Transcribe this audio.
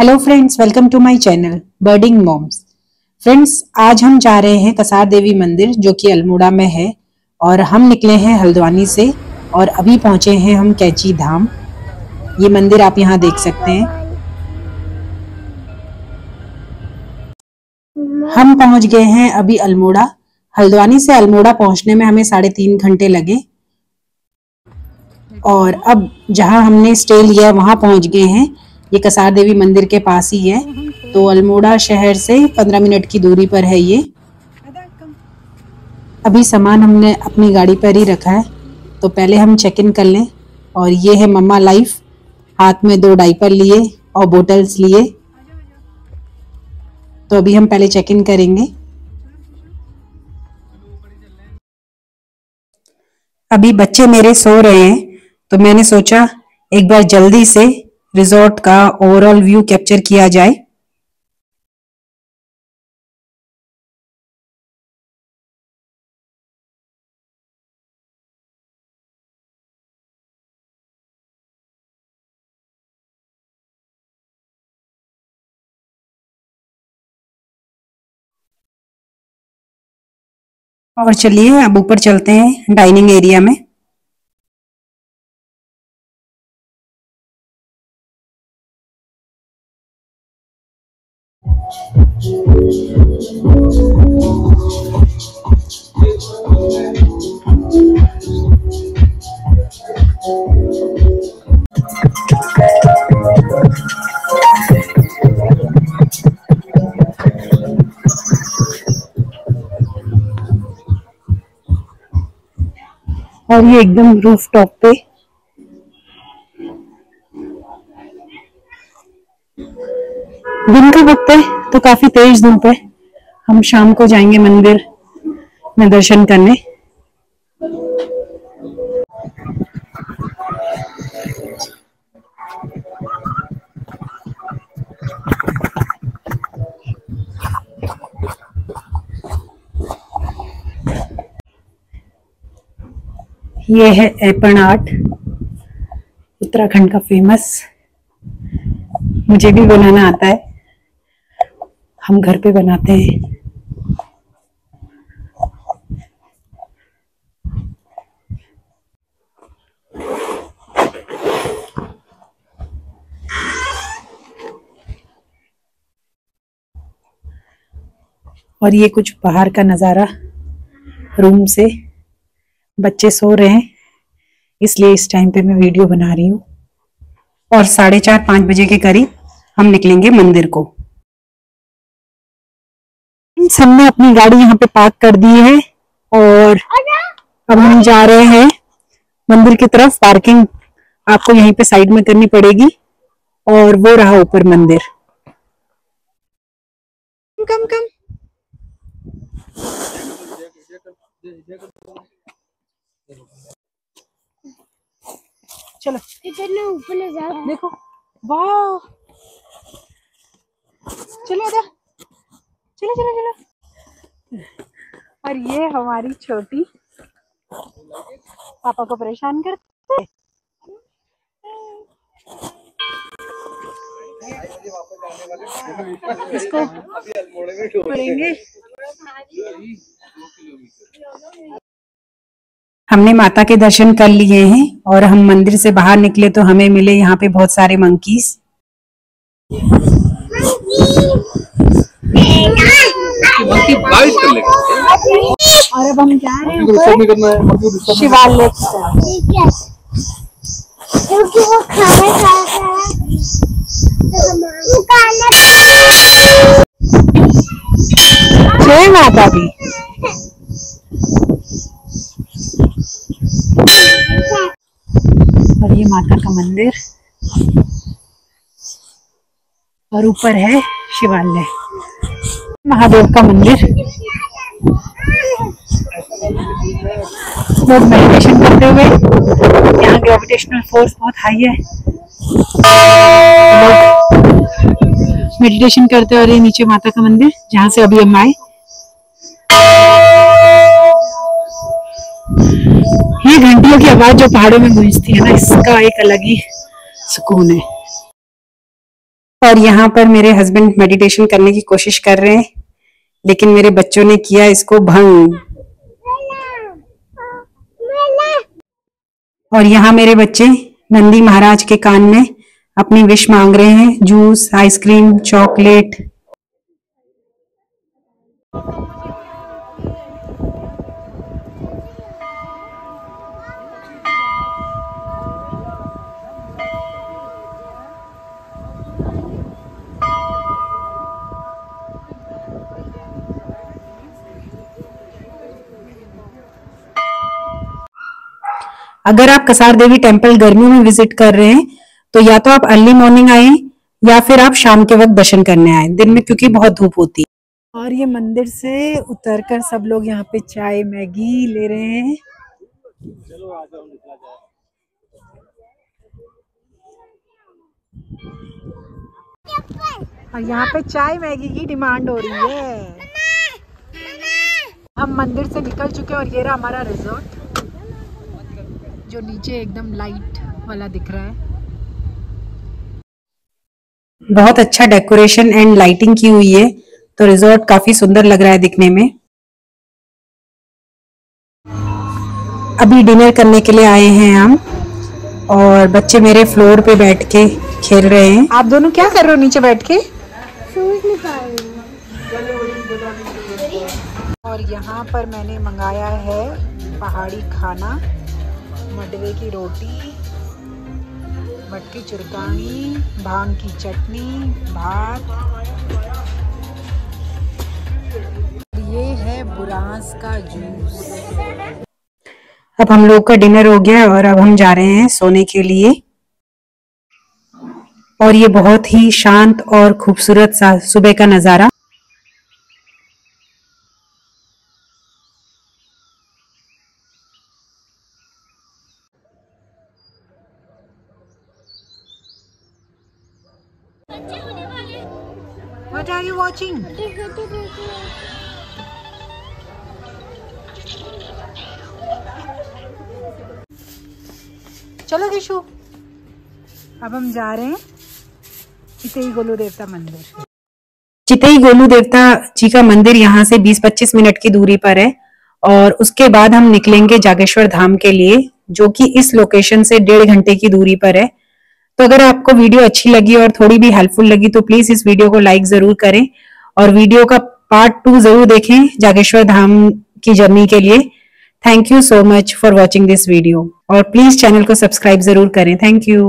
Hello friends welcome to my channel birding moms friends आज हम जा रहे हैं कसार देवी मंदिर जो कि अल्मोड़ा में है और हम निकले हैं हल्द्वानी से और अभी पहुंचे हैं हम कैची धाम ये मंदिर आप यहां देख सकते हैं हम पहुंच गए हैं अभी अल्मोड़ा हल्द्वानी से अल्मोड़ा पहुंचने में हमें साढ़े तीन घंटे लगे और अब जहां हमने स्टे लिया वहां पहुंच गए हैं ये कसार देवी मंदिर के पास ही है तो अल्मोड़ा शहर से पंद्रह मिनट की दूरी पर है ये अभी सामान हमने अपनी गाड़ी पर ही रखा है तो पहले हम चेक इन कर लें और ये है मम्मा लाइफ हाथ में दो डाइपर लिए और बोटल्स लिए तो अभी हम पहले चेक इन करेंगे अभी बच्चे मेरे सो रहे हैं तो मैंने सोचा एक बार जल्दी से रिजॉर्ट का ओवरऑल व्यू कैप्चर किया जाए और चलिए अब ऊपर चलते हैं डाइनिंग एरिया में और ये एकदम रूफ टॉप पे दिन के वक्त है तो काफी तेज धूप है हम शाम को जाएंगे मंदिर में दर्शन करने ये है एपन आर्ट उत्तराखंड का फेमस मुझे भी बनाना आता है हम घर पे बनाते हैं और ये कुछ बाहर का नज़ारा रूम से बच्चे सो रहे हैं इसलिए इस टाइम पे मैं वीडियो बना रही हूँ और साढ़े चार पाँच बजे के करीब हम निकलेंगे मंदिर को सबने अपनी गाड़ी यहाँ पे पार्क कर दी है और अब हम जा रहे हैं मंदिर की तरफ पार्किंग आपको यहीं पे साइड में करनी पड़ेगी और वो रहा ऊपर मंदिर कम कम चलो इधर ऊपर देखो वाह चलो चलो चलो चलो और ये हमारी छोटी पापा को परेशान करते इसको हमने माता के दर्शन कर लिए हैं और हम मंदिर से बाहर निकले तो हमें मिले यहाँ पे बहुत सारे मंकीज और अब हम जा रहे हैं ऊपर शिवालय क्योंकि वो खाना है जय माता दी और ये माता का मंदिर और ऊपर है शिवालय महादेव का मंदिर लोग मेडिटेशन करते हुए यहाँ ग्रेविटेशनल फोर्स बहुत हाई है मेडिटेशन करते हुए नीचे माता का मंदिर जहाँ से अभी हम आए ये घंटियों की आवाज जो पहाड़ों में गूंजती है ना इसका एक अलग ही सुकून है और यहाँ पर मेरे हस्बैंड मेडिटेशन करने की कोशिश कर रहे हैं लेकिन मेरे बच्चों ने किया इसको भंग और यहाँ मेरे बच्चे नंदी महाराज के कान में अपनी विश मांग रहे हैं जूस आइसक्रीम चॉकलेट अगर आप कसार देवी टेम्पल गर्मियों में विजिट कर रहे हैं तो या तो आप अर्ली मॉर्निंग आए या फिर आप शाम के वक्त दर्शन करने आए दिन में क्योंकि बहुत धूप होती है और ये मंदिर से उतर कर सब लोग यहाँ पे चाय मैगी ले रहे हैं और यहाँ पे चाय मैगी की डिमांड हो रही है हम मंदिर से निकल चुके हैं और ये रहा हमारा रिजोर्ट जो नीचे एकदम लाइट वाला दिख रहा है बहुत अच्छा डेकोरेशन एंड लाइटिंग की हुई है तो रिजॉर्ट काफी सुंदर लग रहा है दिखने में अभी डिनर करने के लिए आए हैं हम और बच्चे मेरे फ्लोर पे बैठ के खेल रहे हैं आप दोनों क्या कर रहे हो नीचे बैठ के और यहाँ पर मैंने मंगाया है पहाड़ी खाना मडवे की रोटी मटकी चुरकानी भांग की चटनी भात ये है बुरास का जूस अब हम लोग का डिनर हो गया और अब हम जा रहे हैं सोने के लिए और ये बहुत ही शांत और खूबसूरत सा सुबह का नज़ारा What are you watching? चलो किशु अब हम जा रहे हैं चितई गोलू देवता मंदिर चितई गोलू देवता जी का मंदिर यहाँ से 20-25 मिनट की दूरी पर है और उसके बाद हम निकलेंगे जागेश्वर धाम के लिए जो कि इस लोकेशन से डेढ़ घंटे की दूरी पर है तो अगर आपको वीडियो अच्छी लगी और थोड़ी भी हेल्पफुल लगी तो प्लीज इस वीडियो को लाइक जरूर करें और वीडियो का पार्ट टू जरूर देखें जागेश्वर धाम की जर्नी के लिए thank you so much for watching this video और प्लीज चैनल को सब्सक्राइब जरूर करें थैंक यू